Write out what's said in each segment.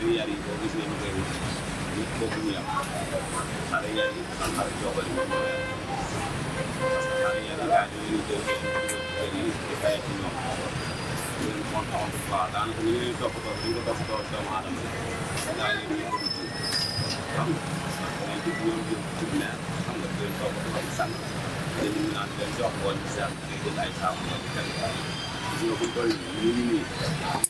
yu yar yi boo gis ne ñu koy wax nit kooku ñu yar xale yar yi man xale joobal yi moom mooy parce que xale yar yi gaa ñoo leen jël jël yi di fay ci ñoom leen kontaan bu baax daanaka ñu leen toppatoo ñu ko toppatoo doomu aadama gaa yi ñu ko ci xam nga ci ñoom jëm ci mer xam nga leen toppatoo di sant leen ñu naan leen jox woon ci seet da ngay jël ay saabu di teg gis nga bu toll nii ñu ngi nii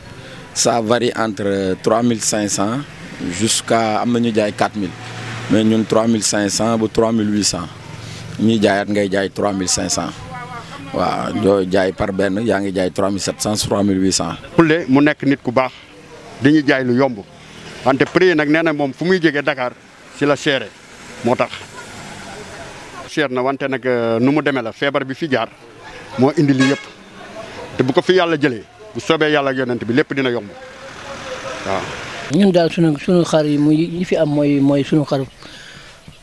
ça varie entre 3500 jusqu'à am na ñu jaay 4000 mais ñun 3500 ba 3800 ñuy jaayaat ngay jaay 3500 waaw ñoo jaay par benn yaa ngi jaay 3700 3800. Poulé mu nekk nit ku baax dañuy jaay lu yomb wante prix nag nee na moom fu muy jógee dakaar ci la seere moo tax. cher na wante nag euh, nu mu demee la feebar bi fi jaar moo indi lii yëpp te bu ko fi yàlla jëlee. bu soobee yàlla ak bi lépp dina yomb ñun daal sunu sunu xar yi muy li fi am mooy mooy sunu xaru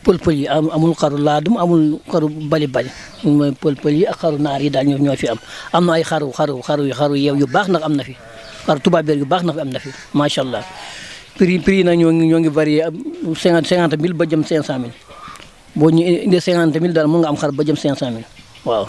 pël-pël yi amul xaru laadum amul xaru bali bali mooy pël-pël yi ak xaru naar yi daal ñoo ñoo fi am am na ay xaru xaru xaru xaru yeew yu baax nag am nafi fi xaru tubaabeer yu baax nag am na fi macha allah prix prix nag ñoo ngi ñoo ngi varié cinquante cinquante mille ba jëm cinq cent mille boo ñu indee cinquante mille daal mun nga am xar ba jëm cinq cent waaw.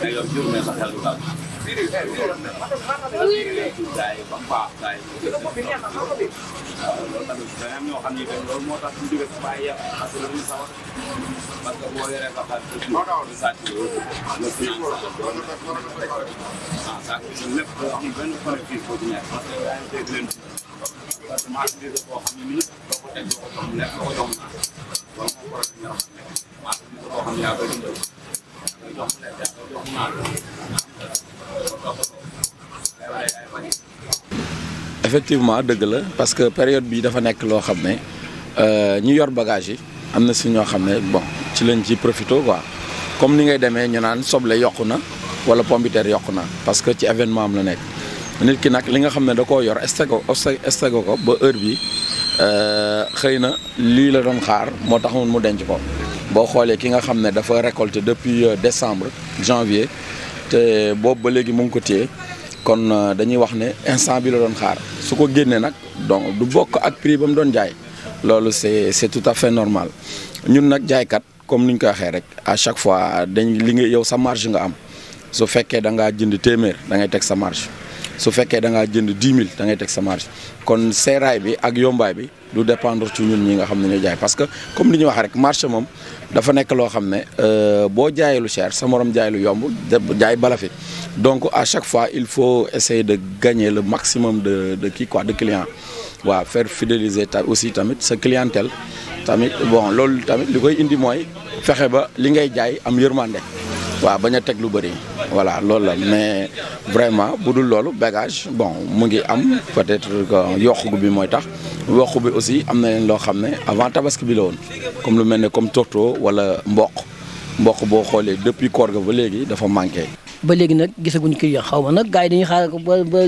te yow jur na sa xel du daal. day ba baax day. waaw loolu tamit dana am ñoo xam ne loolu moo tax ñu jóge sa bàyyi yàq parce que dañuy sawar parce que boo yoree sa xaalis rek ñu sàcc nga financé sa doon ah sàcc lépp amul benn bénéfice boo ci ñàkk parce que yaa ngi dégg leen parce que maa ngi dégg boo xam ne nii doo ko teg doo ko jox mu lekk doo ko jox mu naan loolu moo waral ñu yor xam ne maa ngi dégg boo xam ne yaa koy dundal effectivement dëgg la parce que période bi dafa nekk loo xam ne euh, ñu yor bagage yi am na si ñoo xam ne bon ci lañ ci profito quoi comme ni ngay demee ñu naan soble yokku na wala pombiteer yokku na parce que ci événement am la nekk nit ki nag li nga xam ne da koo yor stego stego ko ba heure bi euh, xëy na lii la doon xaar moo taxoon mu denc ko boo xoolee ki nga xam ne dafa récolté depuis euh, décembre janvier te boobu ba léegi mu ngi ko téye kon euh, dañuy wax ne instant bi la doon xaar su ko génnee nag donc du bokk ak prix ba mu doon jaay loolu c'est c'est tout à fait normal ñun nag jaaykat comme ni ñu ko waxee rek à chaque fois dañ li ngay yow sa marge nga am su fekkee da jënd téeméer da ngay teg sa marge su fekkee da ngaa jënd 10 000 da ngay teg sa marge kon seeraay bi ak yombaay bi du dépendre ci ñun ñi nga xam ne ñoo jaay parce que comme li ñu wax rek marché moom dafa nekk loo xam ne euh, boo jaayee lu cher sa morom jaay lu yomb jaay bala donc à chaque fois il faut essayer de gagner le maximum de de kii quoi de client waaw faire fidéliser ta aussi tamit sa clientèle tamit bon loolu tamit li koy indi mooy fexe ba li ngay jaay am yërmande waaw bañ a teg lu bëri. voilà loolu la mais vraiment bu dul loolu bagage bon mu ngi am peut-être que yokku bi mooy tax yokku bi aussi am na leen loo xam ne avant tabaski bi la woon comme lu mel ne comme torto wala mboq mboq boo xoolee depuis koor ga ba léegi dafa manqué. ba léegi nag gisaguñu kii ya xaw ma nag gars yi dañuy ko ba ba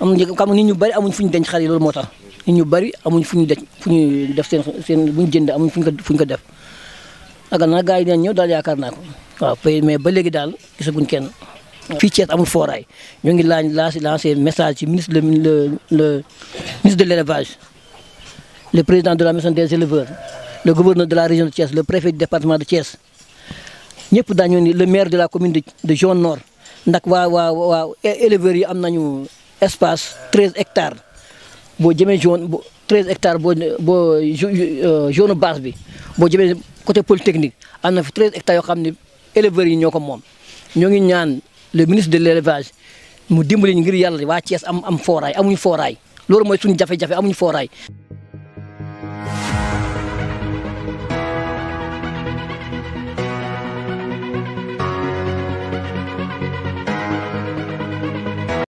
am xam nit ñu bëri amuñ fu ñu denc xar loolu moo tax nit ñu bari amuñ fu ñu def fu ñu def seen seen bu ñu jënd amuñ fu ñu fu ñu ko def. ragal naa gars yi dinañ ñëw daal yaakaar naa ko waaw mais ba léegi daal gisaguñ kenn fii Thiès amul fooraay ñoo ngi laañ laaj lancé message ci ministre le le ministre de l'élevage le président de la maison des éleveurs le gouverneur de la région de Thiès le préfet du département de Thiès ñëpp daañu ni le maire de la commune de de Zone Nord ndax waa waa waa éleveurs yi am nañu espace 13 hectares boo jëmee zone 13 hectares boo boo euh, zone base bi boo jëmee. côté polytechnique am na fi 13 hectares yoo xam ne éleveurs yi ñoo ko moom ñoo ngi ñaan le ministre de l' élevage mu dimbali ngir yàlla waa Thiès am am fooraay amuñu fooraay loolu mooy suñu jafe-jafe amuñu fooraay